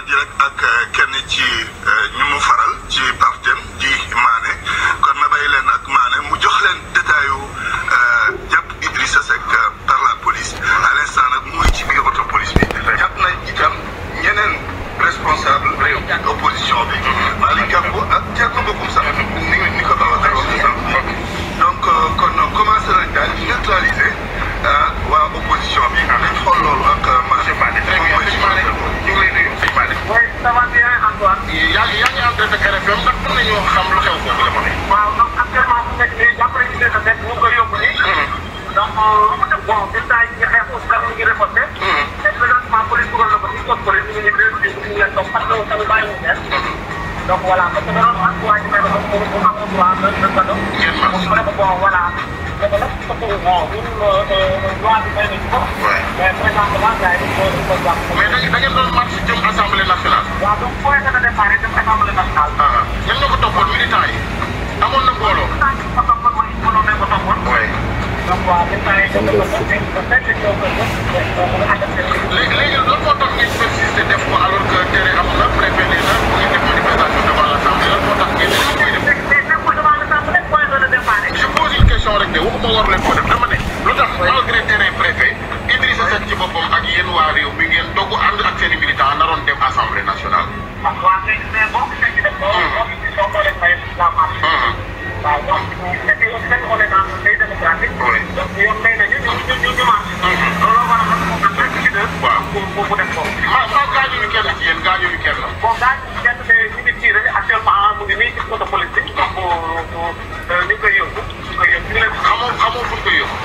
di rek ak kenn ci ñu mu faral ci partem di Mané kon ma bàyyi leen ak Mané mu jox leen détail yu jàpp Idrissa Seck par la police à l'instant nag muy ci biir auto police bi jàpp nañ itam ñeneen responsable opposition bi Malick Gakou ak Thierno Bocoum sax am na ñoo xam lu xew boobu jamono yi. waaw donc actuellement bu nekk nii jàppale ñu ne que nekk mu ngi koy yóbbu nii. donc bon résultat yi ñu xeex aussi kan ñu ngi reporté. te présentement police dugal na ko ci code police ñu ngi leen di ñu leen toog parce que tamit bàyyi leen. donc voilà parce que da doon wax waa ji may doon mu mu am droit de de ko doon. mu ne ko bon voilà. mais nag surtout bon ñun loi bi may nañu ko. mais présentement gars yi dañu ko dañu ko jàpp. mais da ngeen doon marché léegi léegi lan moo tax ngeen persister def ko alors que tere am na préfet nee na mu ngi def manifestation devant l'Assemblée lan moo tax ngeen ne ñu koy def. je pose une question rek de waxuma war leen ko def dama ne lu tax malgré terrain préfet Idrissa Seck ci boppam ak yéen waa réew mi waaw wax dëgg yow seen xoolal day démocratique. donc yoon may nañu ñu ñu ñu ñu marché. looloo war a xam moom dafa nekk leader. waaw pour pour def ko. ah soo gaañuñu kenn ci yéen gaañuñu kenn. bon gaañuñu kenn mais ñu ngi tiire actuellement mu ngi nii ci côté politique. donc ñu ngi koy yóbbu. ñu ngi koy yóbbu ñu ngi leen xamoo xamoo fu ñu koy yóbbu.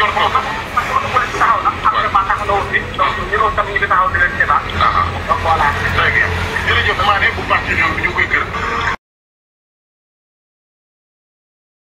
yor ko sax parce que côté politique taxaw na. waaw actuellement taxaw na aussi. donc ñu doon tam ñu ngi taxaw di leen seetaan. donc voilà. très bien jërëjëf maa ne bu parti ñoom